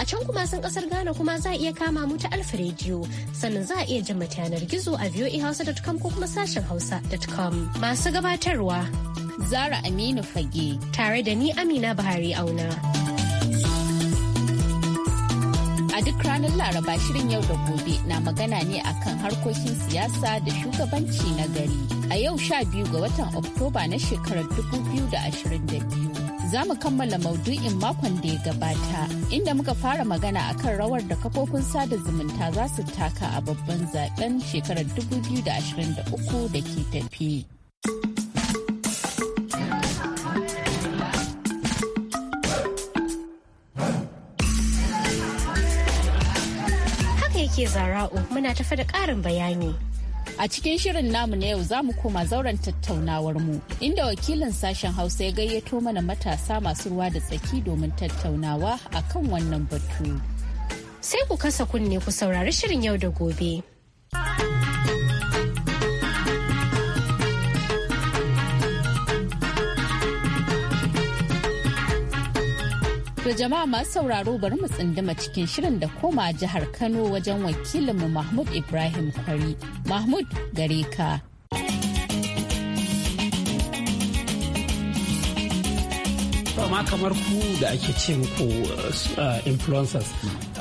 A can kuma sun kasar Ghana kuma za a iya kama mu ta Alfa Radio sannan za a iya jin ta yanar gizo a voahausa.com ko kuma sashen hausa.com. Masu gabatarwa Zara Aminu Fage tare da ni Amina Buhari Auna. A duk ranar Laraba shirin yau da gobe na magana ne akan harkokin siyasa da shugabanci na gari. A yau sha biyu ga watan Oktoba na shekarar 2022. za mu kammala maudu'in makon da ya gabata inda muka fara magana akan rawar da kafofin sada zumunta za su taka a babban zaben shekarar 2023 da ke tafi. Haka yake zara'u muna tafa da ƙarin bayani. A cikin shirin namu na yau za mu koma zauren tattaunawar mu inda wakilin sashen Hausa ya gayyato mana matasa masu ruwa da tsaki domin tattaunawa akan wannan batu. Sai ku kasa kunne ku saurari shirin yau da gobe. da jama'a masu sauraro bari mu tsinduma cikin shirin da koma jihar Kano wajen wakilinmu Mahmud Ibrahim Kwari. Mahmud gare ka. ma kamar ku da ake ce ku uh, influencers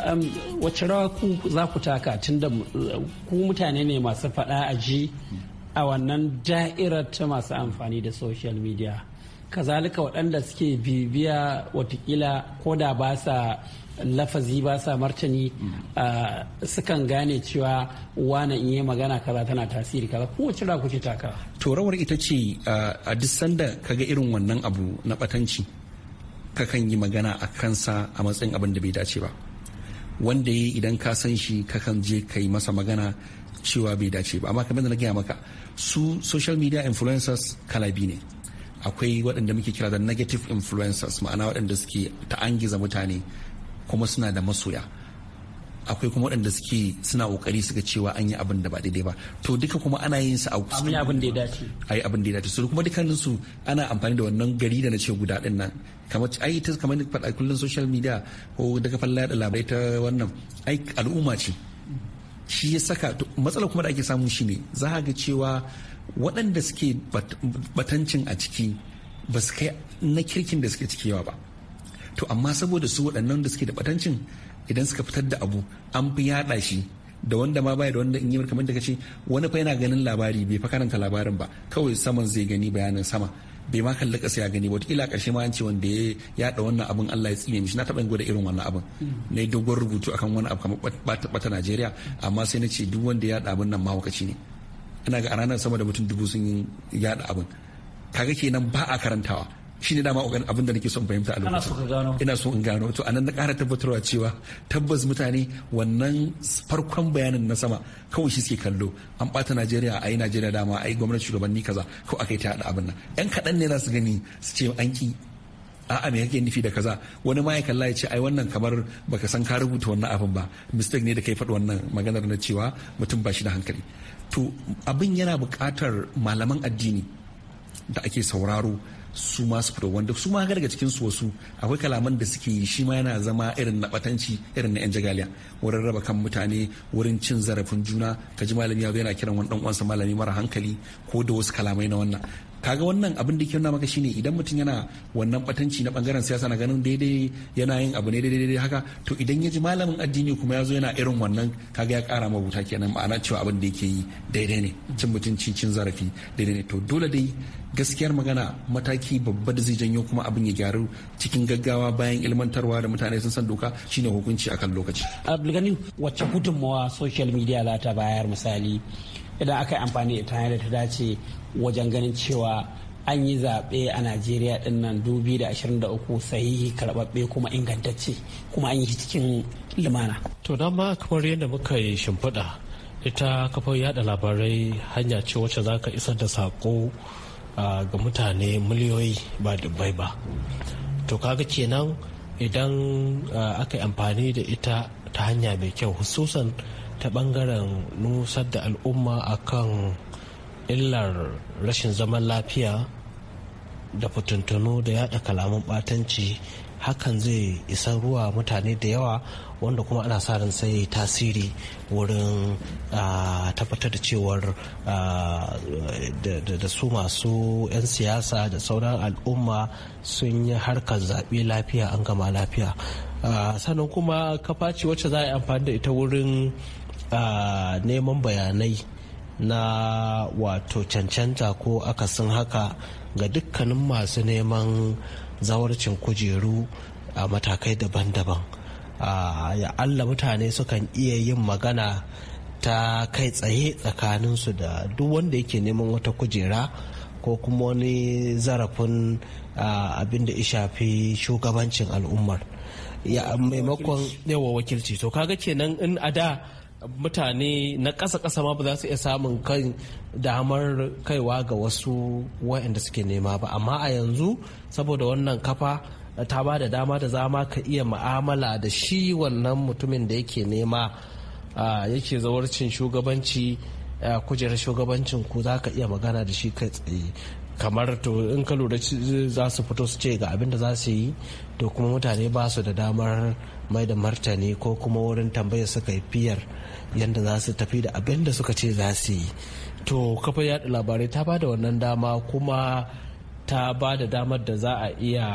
um, wacce rawa ku za ku taka tun uh, ku mutane ne masu faɗa a ji a wannan da'irar ta masu amfani da social media kazalika waɗanda suke bibiya watakila ko da ba sa lafazi ba sa martani sukan gane cewa wane in yi magana kaza tana tasiri kaza kowace ra kuke taka to rawar ita ce a duk sanda kaga irin wannan abu na batanci ka kan yi magana a kansa a matsayin abin da bai dace ba wanda ya idan ka san shi ka kan je ka yi masa magana cewa bai dace ba amma kamar da na gaya maka su social media influencers kalabi ne akwai waɗanda muke kira da negative influencers ma'ana waɗanda suke ta'angiza mutane kuma suna da masoya akwai kuma waɗanda suke suna ƙoƙari suka cewa an yi abin da ba daidai ba to duka kuma ana yin su a abin da ya dace ai abin da ya dace su kuma dukkanin su ana amfani da wannan gari da na ce guda din nan kamar ai ta kamar faɗa kullun social media ko daga falla da labarai ta wannan ai al'umma ce shi ya saka matsala kuma da ake samu shine za ga cewa waɗanda suke batancin a ciki ba su kai na kirkin da suke ciki yawa ba to amma saboda su waɗannan da suke da batancin idan suka fitar da abu an fi yaɗa shi da wanda ma baya da wanda in yi kamar da kace wani fa yana ganin labari bai fa karanta labarin ba kawai saman zai gani bayanin sama bai ma kalli kasa ya gani ba kila karshe ma an ce wanda ya yada wannan abin Allah ya tsine mishi na taɓa gwada irin wannan abin hmm. na dogon rubutu akan wani abu kamar bata Najeriya amma sai na ce duk wanda ya yada abin nan mahaukaci ne ana ga a ranar sama da mutum dubu sun yada abin kaga kenan ba a karantawa shi ne dama ogan abin da nake son fahimta a lokacin ina so in gano to anan na ƙara tabbatarwa cewa tabbas mutane wannan farkon bayanin na sama kawai shi suke kallo an bata najeriya a yi najeriya dama a yi gwamnati shugabanni kaza ko aka yi ta hada abin nan yan kaɗan ne za su gani su ce an ki a'a me yake nufi da kaza wani ma ya kalla ya ce ai wannan kamar baka san ka rubuta wannan abin ba mistake ne da kai faɗi wannan maganar na cewa mutum ba shi da hankali to abin yana buƙatar malaman addini da ake sauraro su masu fito wanda su ma daga cikin su wasu akwai kalaman da suke yi shi ma yana zama irin na batanci irin na yan jagaliya wurin raba kan mutane wurin cin zarafin juna ka ji malami ya yana kiran wani dan uwansa malami mara hankali ko da wasu kalamai na wannan kaga wannan abin da ke nuna maka shine idan mutum yana wannan batanci na bangaren siyasa na ganin daidai yana yin abu ne daidai haka to idan ya ji malamin addini kuma ya zo yana irin wannan kaga ya kara ma mabuta kenan ma'ana cewa abin da yake yi daidai ne cin mutunci cin zarafi daidai ne to dole dai gaskiyar magana mataki babba da zai janyo kuma abin ya gyaru cikin gaggawa bayan ilmantarwa da mutane sun san doka shine hukunci a kan lokaci Gani wacce gudunmawa social media za ta bayar misali idan aka yi amfani da ta da ta dace wajen ganin cewa an yi zaɓe a najeriya ɗin nan 2023 sahihi karɓaɓɓe kuma ingantacce kuma an yi cikin limana. to dama kamar yadda muka yi shimfiɗa ita kafar yada labarai hanya ce wacce za ka isar da saƙo ga mutane miliyoyi ba dubbai ba to kaga kenan idan aka yi amfani da ita ta hanya mai kyau hususan ta bangaren nusar da al'umma akan illar rashin zaman lafiya da fitintunu da yada kalaman batanci hakan zai isa ruwa mutane da yawa wanda kuma ana sa ran sai tasiri wurin tabbatar da cewar da su masu 'yan siyasa da sauran al'umma sun yi harkar zaɓe lafiya an gama lafiya sannan kuma kafaci wacce za a yi amfani da ita wurin neman bayanai na wato cancanta ko akasin haka ga dukkanin masu neman zawarcin kujeru a matakai daban-daban ya allah mutane sukan iya yin magana ta kai tsaye tsakaninsu da duk wanda yake neman wata kujera ko kuma wani zarafin abin da shafi shugabancin al'ummar ya maimakon yawa wakilci to kaga kenan in a da mutane na ƙasa-ƙasa ma ba za su iya samun kan damar kaiwa ga wasu waɗanda suke nema ba amma a yanzu saboda wannan kafa eh, ta ba da dama da zama ka iya ma'amala da shi wannan mutumin da yake nema yake zawarcin shugabanci kujerar shugabancin ku za ka iya magana da shi kai tsaye kamar to in ka lura za su fito su ce ga abin da za su yi to kuma mutane ba su da damar mai da martani ko kuma wurin tambaya su fiyar yadda za su tafi da abin da suka ce za su yi to kafa yada labarai ta ba da wannan dama kuma ta ba da damar da za a iya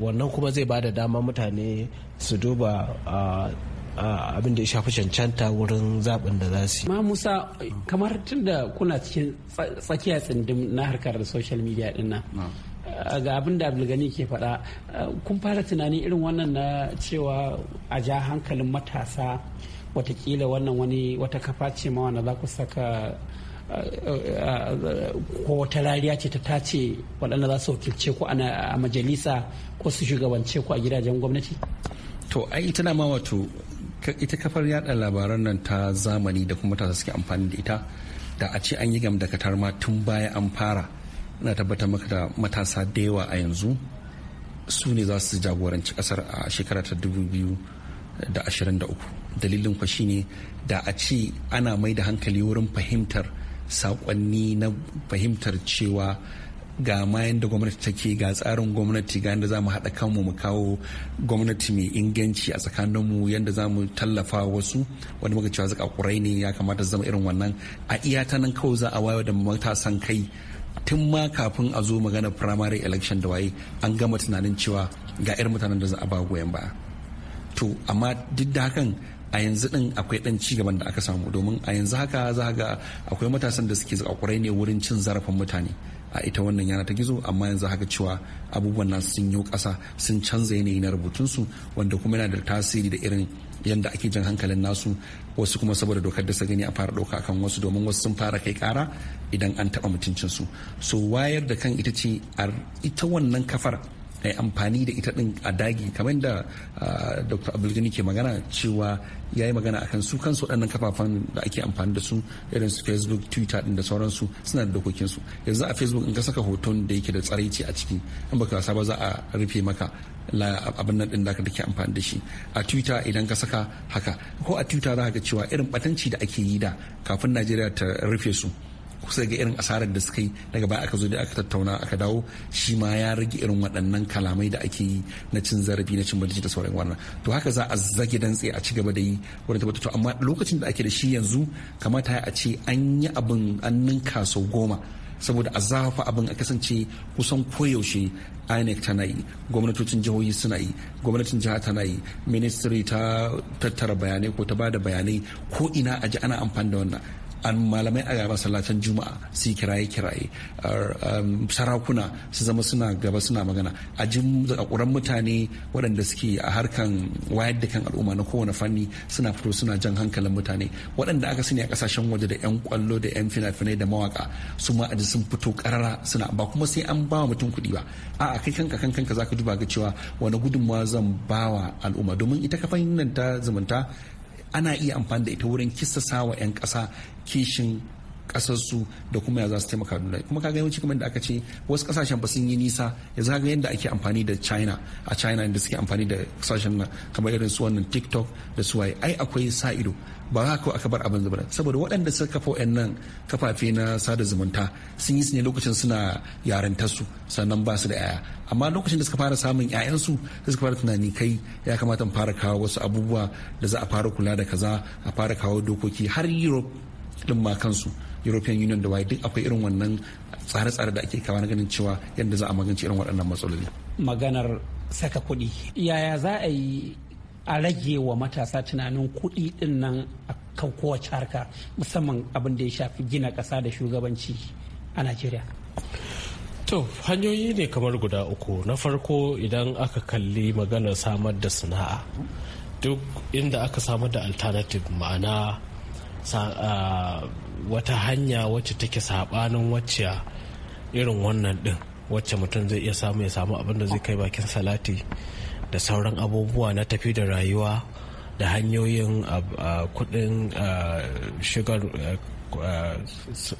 wannan kuma zai ba da dama mutane su duba abin da ya shafi cancanta wurin zaɓin da za su Ma Musa kamar tun da kuna cikin tsakiya tsindim na harkar social media ɗin nan. ga abin da gani ke faɗa kun fara tunani irin wannan na cewa a ja hankalin matasa watakila wannan wani wata kafa ce ma wanda za ku saka ko wata rariya ce ta tace waɗanda za su wakilce ku a majalisa ko su shugabance ku a gidajen gwamnati to ai tana ma wato ita kafar yada labaran nan ta zamani da kuma ta suke amfani da ita da a ce an yi gam da katarma tun baya an fara na tabbatar maka da matasa da yawa a yanzu su ne za su jagoranci kasar a shekarar ta 2023 dalilin kwa ne da a ce ana mai da hankali wurin fahimtar saƙonni na fahimtar cewa ga ma yadda gwamnati take ga tsarin gwamnati ga yadda za mu haɗa kanmu mu kawo gwamnati mai inganci a tsakaninmu yadda za mu tallafa wasu wanda muka cewa ƙurai ne ya kamata zama irin wannan a iya ta nan kawai za a wayo da matasan kai tun ma kafin a zo magana primary election da waye an gama tunanin cewa ga 'yar mutanen da za a ba goyon ba to amma duk da hakan a yanzu din akwai dan gaban da aka samu domin a yanzu haka za ga akwai matasan da suke zakakurai ne wurin cin zarafin mutane a ita wannan yana ta gizo amma yanzu haka cewa abubuwan nasu sun yi ƙasa sun canza yanayi na rubutunsu wanda kuma yana da tasiri da irin Yanda ake jan hankalin nasu wasu kuma saboda dokar da gani a fara ɗauka kan wasu domin wasu sun fara kai ƙara idan an taɓa mutuncinsu so wayar da kan ita ce ita wannan kafar a yi amfani da ita din a dagi kamar da dr abdulgani ke magana cewa ya yi magana akan su kansu waɗannan kafafen da ake amfani da su irin su facebook twitter din da sauransu suna da dokokinsu yanzu a facebook in ka saka hoton da yake da tsaraici a ciki in baka wasa ba za a rufe maka abin nan din da ka take amfani da shi a twitter idan ka saka haka ko a twitter za ka cewa irin batanci da ake yi da kafin najeriya ta rufe su kusa ga irin asarar da suka yi daga baya aka zo da aka tattauna aka dawo shi ma ya rage irin waɗannan kalamai da ake yi na cin zarafi na cin mutunci da sauran wannan to haka za a zage dantse a ci gaba da yi wurin tabbatar amma lokacin da ake da shi yanzu kamata a ce an yi abin an ninka sau goma saboda a zafa abin a kasance kusan koyaushe inec tana yi gwamnatocin jihohi suna yi gwamnatin jiha tana yi ministry ta tattara bayanai ko ta bada bayanai ko ina a ji ana amfani da wannan an malamai a gaba salatan juma'a su kiraye kiraye sarakuna su zama suna gaba suna magana a jin zakuran mutane waɗanda suke a harkan wayar da kan al'umma na kowane fanni suna fito suna jan hankalin mutane waɗanda aka sani a ƙasashen waje da 'yan kwallo da 'yan fina-finai da mawaka su ma aji sun fito karara suna ba kuma sai an bawa mutum kuɗi ba a'a kai kanka kan kanka ka duba ga cewa wani gudunmawa zan bawa al'umma domin ita kafan nan ta zumunta ana iya amfani da ita wurin kisa wa 'yan ƙasa kishin kasarsu da kuma ya za su taimaka duniya kuma kaga yawanci kamar da aka ce wasu kasashen ba sun yi nisa yanzu gani yadda ake amfani da china a china da suke amfani da kasashen nan kamar irin su wannan tiktok da su waye ai akwai sa ido ba za ka aka bar abin zubar saboda waɗanda suka kafa wayannan kafafe na sada zumunta sun yi su ne lokacin suna yaren tasu sannan ba su da yaya amma lokacin da suka fara samun 'ya'yansu su suka fara tunani kai ya kamata mu fara kawo wasu abubuwa da za a fara kula da kaza a fara kawo dokoki har europe din ma kansu european union da waye duk akwai irin wannan tsare-tsare da ake kawo na ganin cewa yadda za a magance irin waɗannan matsaloli maganar saka kuɗi yaya za a yi a rage wa matasa tunanin kuɗi ɗin nan a kan kowace harka musamman abin da ya shafi gina ƙasa da shugabanci a najeriya To hanyoyi ne kamar guda uku na farko idan aka kalli maganar samar da sana'a duk inda aka samar da alternative ma'ana ah, wata hanya wacce take sabanin wacce irin wannan din wacce mutum zai iya samu ya samu abin da zai kai bakin salati da sauran abubuwa na tafi da rayuwa da hanyoyin ah, ah, kudin ah, shigar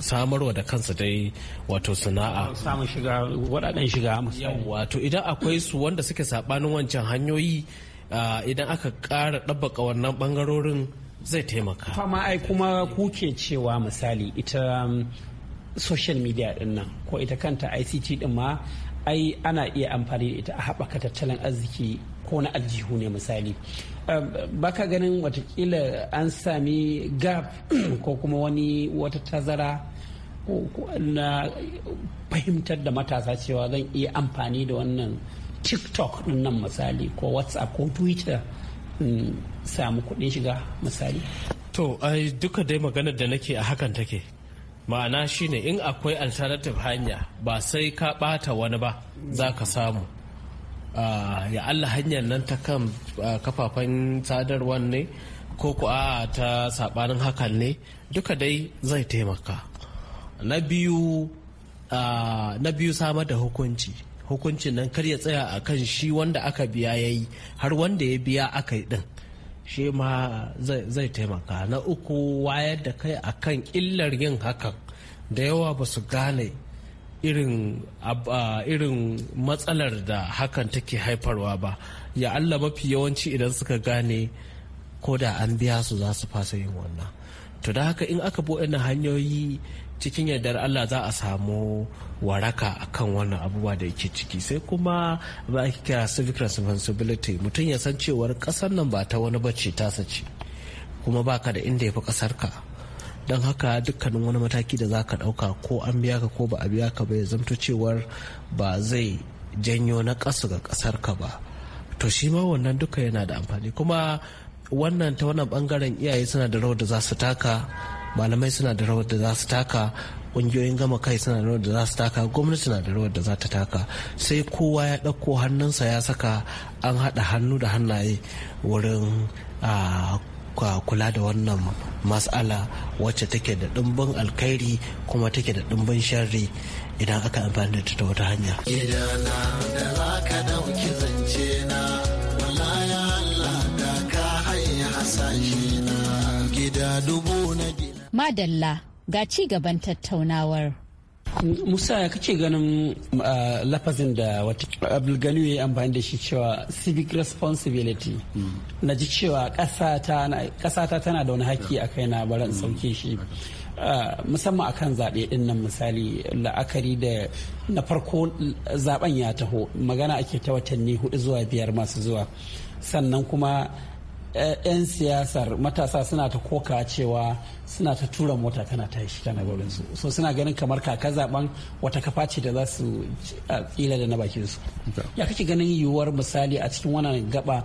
samarwa da kansa dai wato sana'a samun shiga waɗannan shiga wato idan akwai su wanda suke saɓanin wancan hanyoyi idan aka ƙara ɗabbaka wannan ɓangarorin zai taimaka fama ai kuma kuke cewa misali ita um, social media din nan ko ita kanta ict din ma ai ana iya amfani da ita a haɓaka tattalin arziki ko na aljihu ne misali um, baka ganin watakila an sami gap ko kuma wani wata tazara na fahimtar da matasa cewa zan iya amfani da wannan tiktok nan misali ko whatsapp ko twitter in samu kuɗin shiga misali to duka dai maganar da nake a hakan take ma'ana shine in akwai alternative hanya ba sai ka ɓata wani ba za ka samu ah, ya Allah hanyar nan ta kan ah, kafafen sadarwar ne ko ku ta saɓanin hakan ne duka dai zai taimaka na biyu ah, samar da hukunci hukuncin nan kar ya tsaya a kan shi wanda aka biya ya yi har wanda ya biya aka yi din shi ma zai taimaka na uku wayar da kai a kan illar yin hakan da yawa ba su gane irin matsalar da hakan take haifarwa ba ya allah mafi yawanci idan suka gane ko da an biya su za su fasa yin wannan to da haka in aka bi hanyoyi cikin yardar Allah za a samu waraka akan wannan abubuwa da yake ciki sai kuma ba ake kira civic responsibility mutum ya san cewar kasar nan ba ta wani bacci ta sace kuma baka da inda ya fi kasar ka don haka dukkanin wani mataki da za ka ɗauka ko an biya ka ko ba a biya ka ba ya zamto cewar ba zai janyo na ƙasa ga ƙasar ka ba to shi ma wannan duka yana da amfani kuma wannan ta wannan bangaren iyaye suna da rawar da za su taka malamai suna da rawar da za su taka ƙungiyoyin gama kai suna da rawar da za su taka gwamnati na da rawar da za ta taka sai kowa ya ɗauko hannunsa ya saka an haɗa hannu da hannaye wurin kula da wannan mas'ala wacce take da ɗimbin alkhairi kuma take da ɗimbin sharri idan aka amfani da ta wata hanya. Gidana da za ka Madalla ga ci gaban tattaunawar. Musa ya kace ganin uh, lafazin da wata Abdulganiyu ya amfani da shi cewa civic responsibility hmm. na ji cewa ƙasata tana da wani haƙƙi a kai na barin sauke shi hmm. uh, musamman akan zaɓe ɗin nan misali la'akari da na farko zaben ya taho magana ake ta watanni hudu zuwa biyar masu zuwa sannan kuma Eh, 'yan siyasar matasa suna ta koka cewa suna ta tura mota tana ta tana gaurin su so suna ganin kamar kaka zaben wata kafa ce da za su tsira da na bakin su ya kake ganin yiwuwar misali a cikin wannan gaba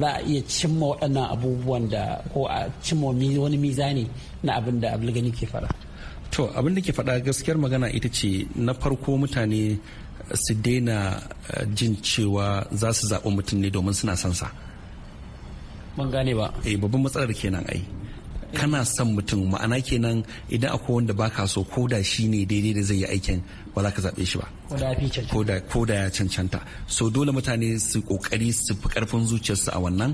za a iya cimma waɗannan abubuwan da ko a cimma wani mizani na abin da abulgani ke fara. to abin da ke faɗa gaskiyar magana ita ce na farko mutane su daina eh, jin cewa za su zaɓi mutum ne domin suna son sa ban gane ba eh babban matsalar kenan ai kana son mutum ma'ana kenan idan akwai wanda baka so ko da shi ne daidai da zai yi aikin ba za ka zaɓe shi ba ko da ya cancanta so dole mutane su kokari su fi karfin zuciyarsu a wannan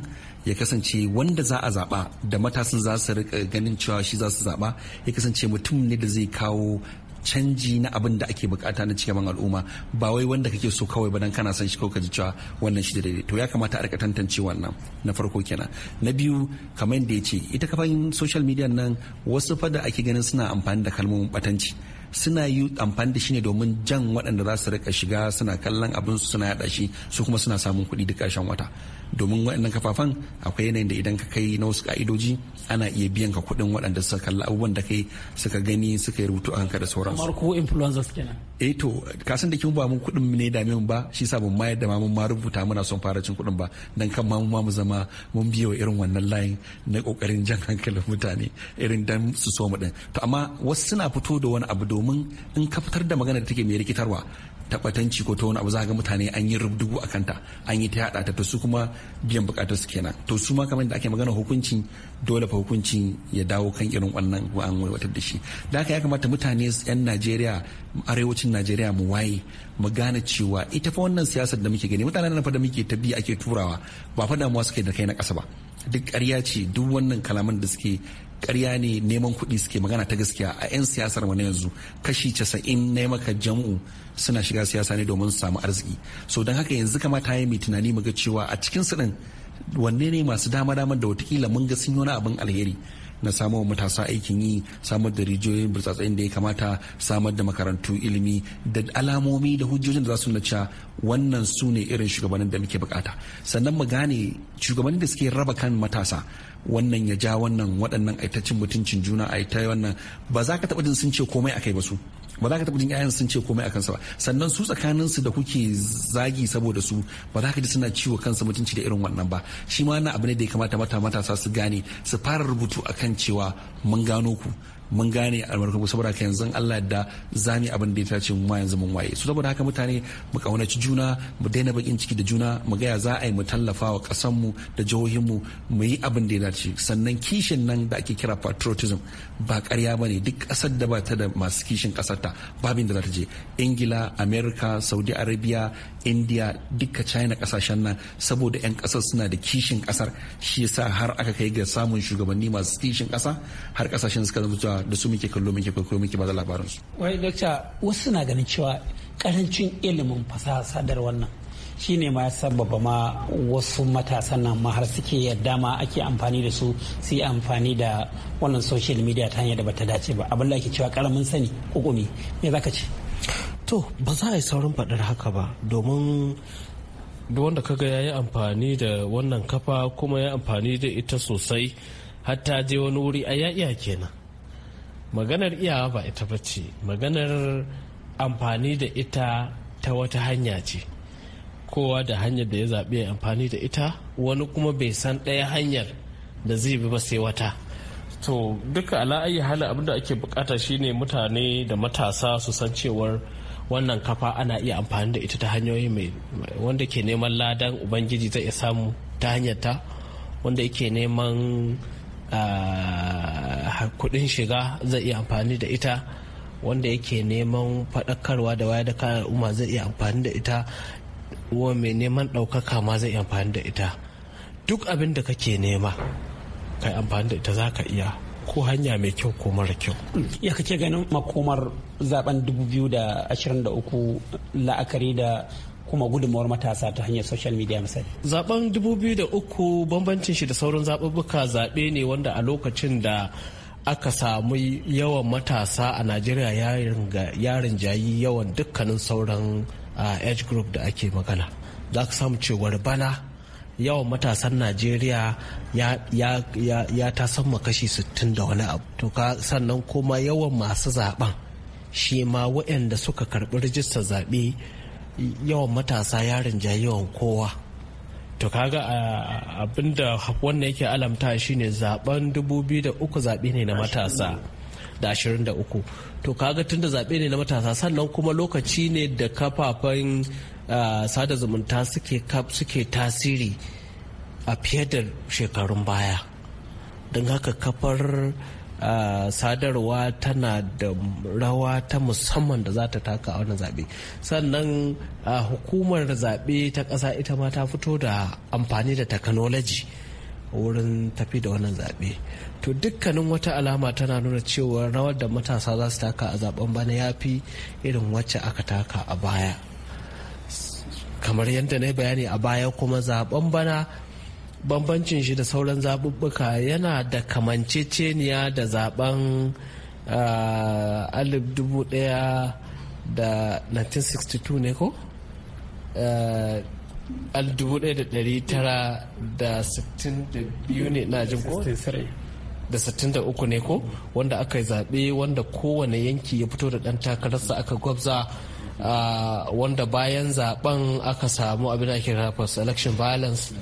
ya kasance wanda za a zaɓa da matasan za su ganin cewa shi za su zaɓa ya kasance mutum ne da zai kawo canji na abin da ake bukata na cikin al'umma ba wai wanda kake so kawai ba dan kana san shi ko ka ji cewa wannan shi daidai to ya kamata a rika tantance wannan na farko kenan na biyu kamar da ya ce ita kafan social media nan wasu fa da ake ganin suna amfani da kalmomin batanci suna yi amfani da shi ne domin jan waɗanda za su rika shiga suna kallon abin su suna yada shi su kuma suna samun kuɗi duk ƙarshen wata domin waɗannan kafafan akwai yanayin da idan ka kai na wasu ka'idoji ana iya biyan ka kuɗin waɗanda suka kalla abubuwan da kai suka gani suka yi rubutu a da sauransu. Kamar ko influencers kenan. Eh to ka san da kin ba mun kuɗin ne da mun ba shi sa mun ma da ma mun ma rubuta muna son fara cin kuɗin ba dan kan ma mun ma mu zama mun biyo irin wannan layin na kokarin jan hankalin mutane irin dan su so mu din. To amma wasu suna fito da wani abu domin in ka fitar da magana da take mai rikitarwa taɓatanci ko ta wani abu za ga mutane an yi rubdugu a kanta an yi ta yada ta su kuma biyan bukatar su kenan to su ma kamar da ake magana hukunci dole fa hukunci ya dawo kan irin wannan an waiwatar da shi da haka ya kamata mutane yan najeriya arewacin najeriya mu waye mu gane cewa ita fa wannan siyasar da muke gani mutanen nan fa da muke ta ake turawa ba fa damuwa suke da kai na kasa ba duk ƙarya ce duk wannan kalaman da suke karya ne neman kuɗi suke magana ta gaskiya a 'yan siyasar wani yanzu kashi casa'in na maka jam'u suna shiga siyasa ne domin su samu arziki so don haka yanzu kama ta yi mai tunani muga cewa a cikin su ɗin wanne ne masu dama dama da watakila mun ga sun yi wani abin alheri na samar matasa aikin yi samar da rijiyoyin burtsatsayin da ya kamata samar da makarantu ilimi da alamomi da hujjojin da za su nace wannan su ne irin shugabannin da muke bukata sannan mu gane shugabannin da suke raba kan matasa wannan ya ja wannan waɗannan aitacin mutuncin juna a ita wannan ba za ka taɓa jin sun ce komai akai ba su ba za ka taɓa jin 'ya'yan sun ce komai a kansa ba sannan su tsakanin su da kuke zagi saboda su ba za ka ji suna ciwo kansa mutunci da irin wannan ba shi ma wannan abu ne da ya kamata mata matasa su gane su fara rubutu akan cewa mun gano ku mun gane albarkar saboda haka yanzu Allah da za mu abin da ya tace mu yanzu mun waye su saboda haka mutane mu kaunaci juna mu daina bakin ciki da juna mu gaya za a yi mu tallafa wa kasan mu da jihohin mu mu yi abin da ya dace sannan kishin nan da ake kira patriotism ba ƙarya bane duk ƙasar da ba ta da masu kishin ƙasar ta babin da za ta je Ingila America Saudi Arabia india duka china kasashen nan saboda 'yan kasar suna da kishin kasar shi yasa har aka kai ga samun shugabanni masu kishin kasa har kasashen suka zuwa da su muke kallo muke kwaikwayo muke bada labarin su wai dakta wasu na ganin cewa karancin ilimin fasaha sadar wannan shine ma ya sababa ma wasu matasan nan ma har suke yadda ma ake amfani da su su yi amfani da wannan social media ta hanyar da bata dace ba abin da ake cewa karamin sani kukumi me zaka ce to ba za a yi saurin faɗar haka ba domin duk wanda kaga ya yi amfani da wannan kafa kuma ya amfani da ita sosai hatta je wani wuri a ya kenan maganar iyawa ba ita ba ce maganar amfani da ita ta wata hanya ce kowa da hanyar da ya zaɓi ya amfani da ita wani kuma bai san ɗaya hanyar da zai bi ba sai wata to duka ala'ayi hala abinda ake bukata shine mutane da matasa su san cewar wannan kafa ana iya amfani da ita ta hanyoyi mai wanda ke neman ladan ubangiji zai iya samu ta hanyar ta wanda yake neman ah, kudin shiga zai iya amfani da ita wanda yake neman faɗakarwa da waya da kayan al'umma zai iya amfani da ita wa mai neman ɗaukaka ma zai iya amfani da ita duk abin da kake nema kai amfani da ita za ka iya ko hanya mai kyau ko mara kyau. Ya kake ganin makomar zaben 2023 la'akari da kuma gudunmawar matasa ta hanyar social media misali. Zaben 2003 bambancin shi da sauran zaɓuɓɓuka zaɓe ne wanda a lokacin da aka samu yawan matasa a Najeriya ya rinjayi yawan dukkanin sauran ah, age group da ake magana. Za ka samu cewar bana yawan matasan najeriya ya ta tasamma kashi 60 da wani abu to ka sannan kuma yawan masu zaben shi ma waɗanda suka karɓi rijistar zaɓe yawan matasa ya rinja yawan kowa to kaga abinda wannan yake alamta shine zaben 2003 zaɓe ne na matasa da 23 to kaga tunda zaɓe ne na matasa sannan kuma lokaci ne da kafafen sada zumunta suke tasiri a fiye da shekarun baya don haka kafar sadarwa tana da rawa ta musamman da za ta taka a wannan zaɓe sannan hukumar zaɓe ta ƙasa ita ma ta fito da amfani da technology wurin tafi da wannan zaɓe to dukkanin wata alama tana nuna cewa rawar da matasa za su taka a zaben bana ya fi irin wacce aka taka a baya kamar yadda na bayani a baya kuma zaben bana bambancin shi da sauran zaɓuɓɓuka yana da kamanceceniya da zaben ah, alif dubu ɗaya da 1962 ne ko? Ah, al dubu ɗaya da ɗari tara da sittin da biyu ne na jin ko? da uku ne ko wanda aka zaɓe wanda kowane yanki ya fito da ɗan takararsa aka gwabza wanda bayan zaben aka samu abin ake rafa election violence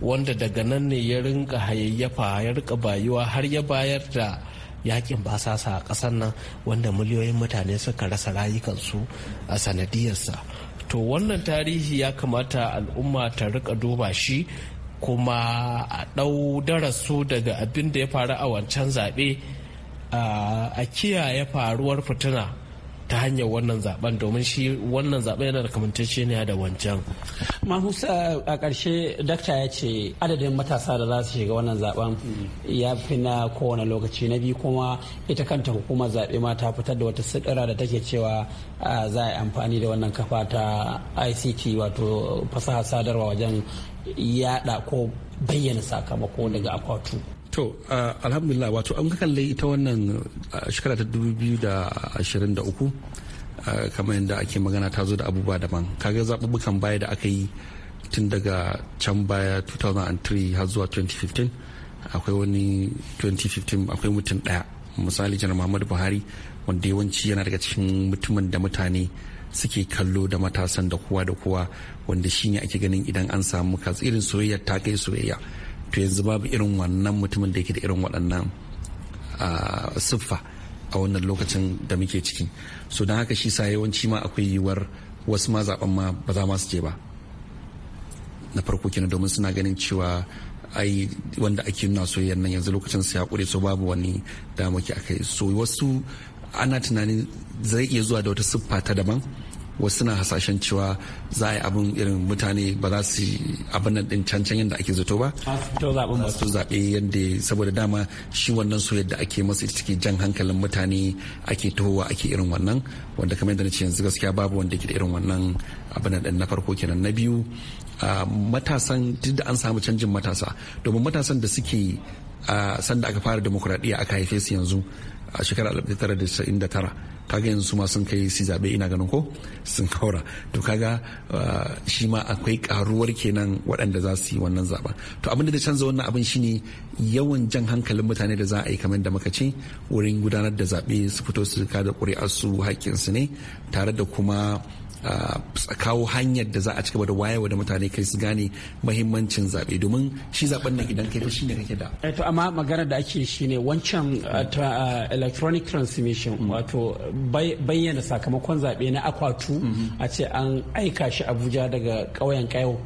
wanda daga nan ne ya rinka hayayyafa ya rinka bayuwa har ya bayar da yakin basasa a ƙasar nan wanda miliyoyin mutane suka rasa rayukansu a sanadiyarsa to wannan tarihi ya kamata al'umma ta rika duba shi kuma a ɗau darasu daga abin da ya faru a wancan zaɓe a kiyaye faruwar fituna ta hanyar wannan zaben domin shi wannan zaben yana da kamantacce ne da wancan. Mahusa a ƙarshe dakta ya ce adadin matasa da za su shiga wannan zaben ya fi na kowane lokaci na biyu kuma ita kanta hukumar zaɓe ma ta fitar da wata sidira da take cewa za a yi amfani da wannan kafa ta ICT wato fasaha sadarwa wajen yada ko bayyana sakamako daga akwatu. To, uh, alhamdulillah wato an kalle ita wannan uh, shekara ta 2023 uh, kamar yadda ake magana ta zo da abubuwa daban. Kaga zaɓuɓɓukan baya da aka yi tun daga can baya 2003 har zuwa 2015 akwai wani 2015 akwai mutum ɗaya misali janar muhammadu buhari wanda yawanci yana daga cikin mutumin da mutane suke kallo da matasan da kowa da kowa wanda shine ake ganin idan an samu irin soyayya ta kai soyayya to yanzu babu irin wannan mutumin da yake da irin waɗannan siffa a wannan lokacin da muke ciki so don haka shi sa yawanci ma akwai yiwuwar wasu ma zaɓen ma ba za ma su je ba na farko kenan domin suna ganin cewa ai wanda ake nuna soyayyar nan yanzu lokacin su ya ƙure so babu wani damaki akai so wasu ana tunanin zai iya zuwa da wata siffa ta daban wasu na hasashen cewa za a yi abin irin mutane ba za su abin nan din cancan yadda ake zato ba su zaɓe yadda saboda dama shi wannan so yadda ake masu ita take jan hankalin mutane ake tohowa ake irin wannan wanda kamar yadda na ce yanzu gaskiya babu wanda ke da irin wannan abin nan na farko kenan na biyu matasan duk da an samu canjin matasa domin matasan da suke sanda aka fara demokuraɗiyya aka haife su yanzu a shekarar 1999 kaga yanzu ma sun kai su zaɓe ina ganin ko sun kaura to kaga ah, shi ma akwai karuwar kenan waɗanda za su yi wannan zaɓen to abin da ta canza wannan abin shine yawan jan hankalin mutane da za a yi kamar da muka ce wurin gudanar da zaɓe su fito su kada ƙuri'ar su haƙƙinsu ne tare da kuma kawo hanyar da za a cigaba da wayewa da mutane kai su gane mahimmancin zaɓe domin shi zaɓen nan idan kai fa shine kake da. Eh, to amma magana da ake shine wancan eh, eh, electronic transmission mm-hmm. wato bayyana sakamakon zaɓe na akwatu mm-hmm. a ce an aika shi abuja daga ƙauyen kayo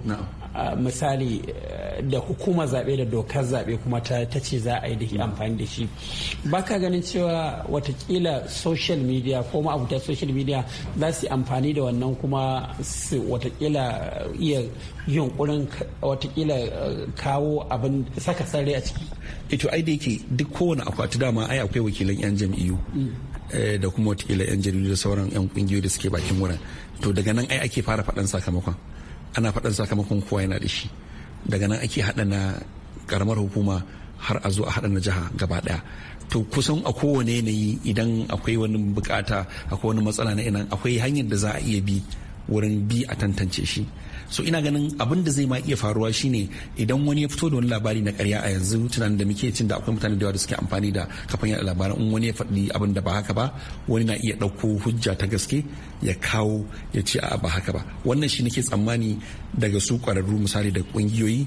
misali eh, da hukumar zaɓe da dokar zaɓe kuma ta ce za a yi da amfani da shi ba ka ganin cewa watakila social media ko ma'abuta social media za su yi amfani da wannan kuma su watakila eh, iya yunkurin watakila eh, kawo abin saka sarari a ciki ito ai da yake duk kowane akwati dama ai akwai wakilan yan jam'iyyu da kuma watakila yan jaridu da sauran yan kungiyoyi da suke bakin wurin to daga nan ai ake fara faɗan sakamakon ana faɗan sakamakon kowa yana da shi daga nan ake haɗa na karamar hukuma har a zo a haɗa na jiha gaba ɗaya to kusan a kowane yanayi idan akwai wani bukata akwai wani matsala na inan akwai hanyar da za a iya bi wurin bi a tantance shi so ina ganin abin da zai ma iya faruwa shine idan wani ya fito da wani labari na karya a yanzu tunanin da muke cin da akwai mutane da yawa da suke amfani da kafin yada labaran in wani ya faɗi abin da ba haka ba wani na iya ɗauko hujja ta gaske ya kawo ya ce a ba haka ba wannan shi nake tsammani daga su ƙwararru misali da ƙungiyoyi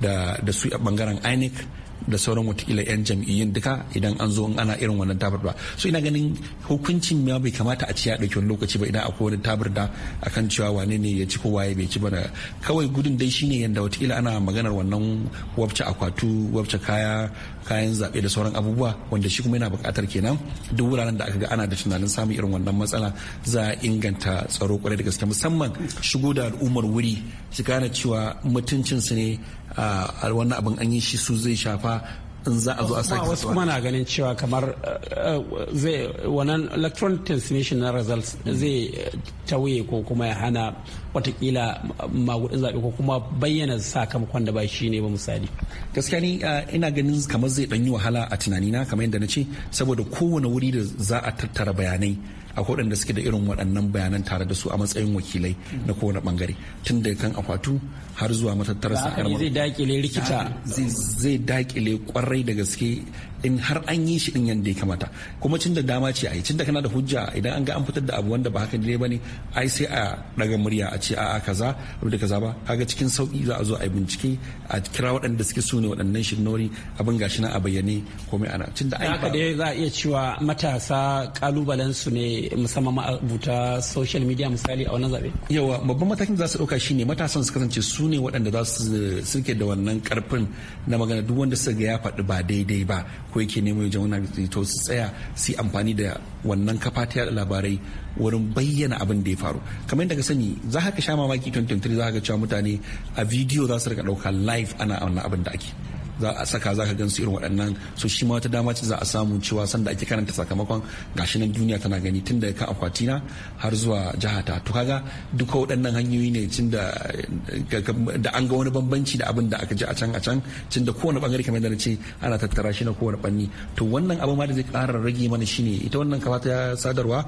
da su a ɓangaren inec da sauran watakila 'yan jam'iyyun duka idan an zo in ana irin wannan tabar ba so ina ganin hukuncin ya bai kamata a ci ya ɗauki wani lokaci ba idan akwai wani da akan cewa wane ne ya ci ko waye bai ci ba kawai gudun dai shine yadda watakila ana maganar wannan wabce akwatu wabce kaya kayan zaɓe da sauran abubuwa wanda shi kuma yana buƙatar kenan duk wuraren da aka ga ana da tunanin samun irin wannan matsala za a inganta tsaro kwarai da gaske musamman shigo da al'ummar wuri su gane cewa mutuncinsu ne ah, a wannan abin an yi shi su zai shafa in za a zo a sake wasu kuma na ganin cewa kamar eh, eh, zai wannan electronic transmission na results zai eh, tauye ko kuma ya hana watakila magudin zaɓe ko kuma bayyana sakamakon da ba shi ne ba misali gaskiya ni ina ganin kamar zai ɗanyi wahala a tunanina kamar yadda na ce saboda kowane wuri da za a tattara bayanai akwai waɗanda suke da irin waɗannan bayanan tare da su a matsayin wakilai na kowane bangare tun daga kan akwatu har zuwa matattarar zai daƙile rikita zai daƙile kwarai da gaske in har an yi shi din yadda ya kamata kuma cin da dama ce a yi cin da kana da hujja idan an ga an fitar da abu wanda ba haka ne ba ne ai sai a daga murya a ce a a kaza da kaza ba kaga cikin sauki za a zo a yi bincike a kira waɗanda suke so ne waɗannan shirinori abin gashi na a bayyane komai ana cin da haka dai za a iya cewa matasa kalubalen su ne musamman ma buta social media misali a wannan zabe yawa babban matakin za su ɗauka shine matasan su kasance su ne waɗanda za su suke da wannan karfin na magana duk wanda suka ga ya faɗi ba daidai ba ko yake neman na to su tsaya su amfani da wannan kafa ta labarai wurin bayyana abin da ya faru kamar yadda ka sani za ka sha mamaki 2023 za ka cewa mutane a bidiyo za su rika ɗauka live ana wannan abin da ake za a saka za ka gansu irin waɗannan so shi ma wata dama ce za a samu cewa sanda ake karanta sakamakon gashi nan duniya tana gani tun daga kan akwatina har zuwa jihata to kaga duka waɗannan hanyoyi ne tun da an ga wani bambanci da abin da aka ji a can a can tun da kowane bangare kamar yadda na ce ana tattara shi na kowane banni to wannan abu ma da zai ƙara rage mana shine ita wannan kafa ta sadarwa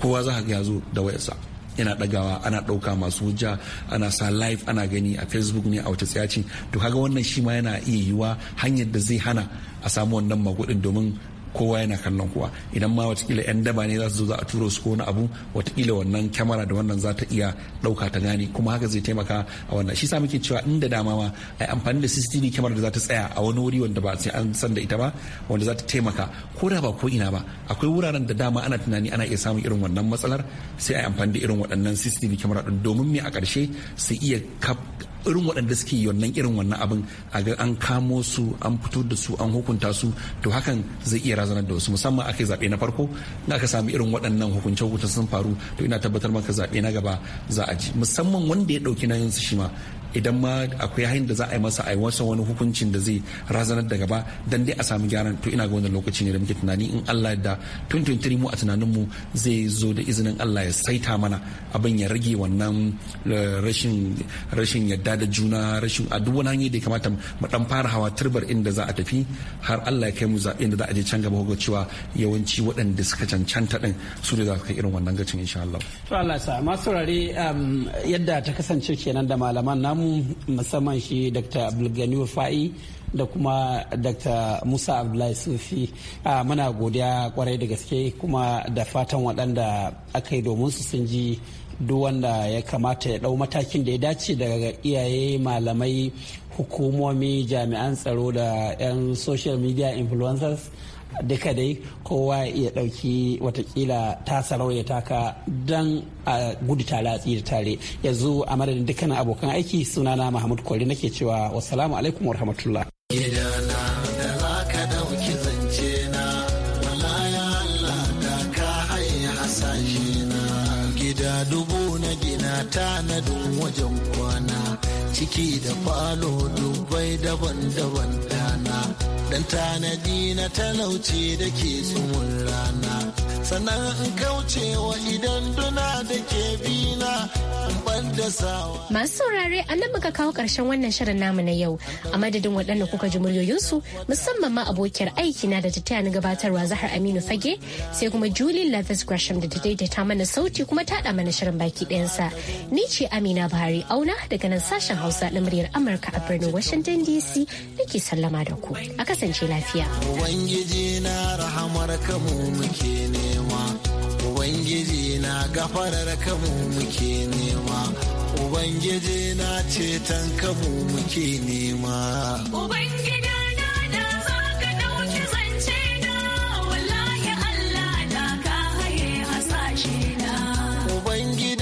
kowa za ka ga ya zo da wayarsa yana ɗagawa ana ɗauka masu wuja ana sa live ana gani a facebook ne a wata tsayaci to kaga wannan shi ma yana iya yiwa hanyar da zai hana a samu wannan magudin domin kowa yana kallon kowa idan ma watakila 'yan daba ne za su zo za a turo su ko wani abu watakila wannan kyamara da wannan za ta iya ɗauka ta gane kuma haka zai taimaka a wannan shi sa muke cewa inda dama ma ai amfani da cctv kyamara da za ta tsaya a wani wuri wanda ba sai an san da ita ba wanda za ta taimaka ko da ba ko ina ba akwai wuraren da dama ana tunani ana iya samun irin wannan matsalar sai ai amfani da irin waɗannan cctv kyamara ɗin domin me a ƙarshe su iya irin waɗanda suke wannan irin wannan abin a ga an kamo su an fito da su an hukunta su to hakan zai iya razanar da wasu musamman yi zaɓe na farko na aka samu irin waɗannan hukunce hukunce sun faru to ina tabbatar maka zaɓe na gaba za a ji musamman wanda ya ɗauki nayin su shi ma idan ma akwai hanyar da za a yi masa a wasa wani hukuncin da zai razanar da gaba dan dai a samu gyaran to ina ga wannan lokaci ne da muke tunani in Allah ya da 2023 mu a tunanin mu zai zo da izinin Allah ya saita mana abin ya rage wannan eh, rashin rashin yadda da juna rashin a duk wani hanyar da ya kamata mu dan fara hawa turbar inda za a tafi har Allah ya kai mu zaɓen da za a je can gaba ga cewa yawanci waɗanda suka cancanta din su da za su kai irin wannan gacin insha Allah. To Allah sa masu rare um, yadda ta kasance kenan da malaman namu musamman shi dr abdulgani fa'i da kuma dr musa abdullahi sufi muna godiya kwarai da gaske kuma da fatan waɗanda aka yi domin su sun ji duk wanda ya kamata ya ɗau matakin da ya dace daga iyaye malamai hukumomi jami'an tsaro da 'yan social media influencers duka dai kowa ya ɗauki watakila ta sarauya taka don a gudu tare a tsira tare yanzu a madadin dukkanin abokan aiki sunana mahmud kwari nake cewa wasalamu alaikum wa rahmatullah Gida dubu na gina tanadin wajen ciki da falo dubbai daban-daban dana dan tanadi na talauce da ke tsumun rana sannan in kaucewa idan duna da ke bina Masu saurare a nan muka kawo ƙarshen wannan shirin namu na yau a madadin waɗanda kuka ji muryoyinsu musamman ma abokiyar aiki na da ta taya ni gabatarwa Zahar Aminu Fage sai kuma Julie Lathis Gresham da ta daidaita mana sauti kuma ta ɗa mana shirin baki ɗayansa. Ni ce Amina Buhari Auna daga nan sashen Hausa na muryar Amurka a birnin Washington DC nake sallama da ku. A kasance lafiya. Ubangiji na rahamar kamu muke nema. ubangiji na gafarar kamu muke nema ubangiji na ceton kamu muke nema ubangiji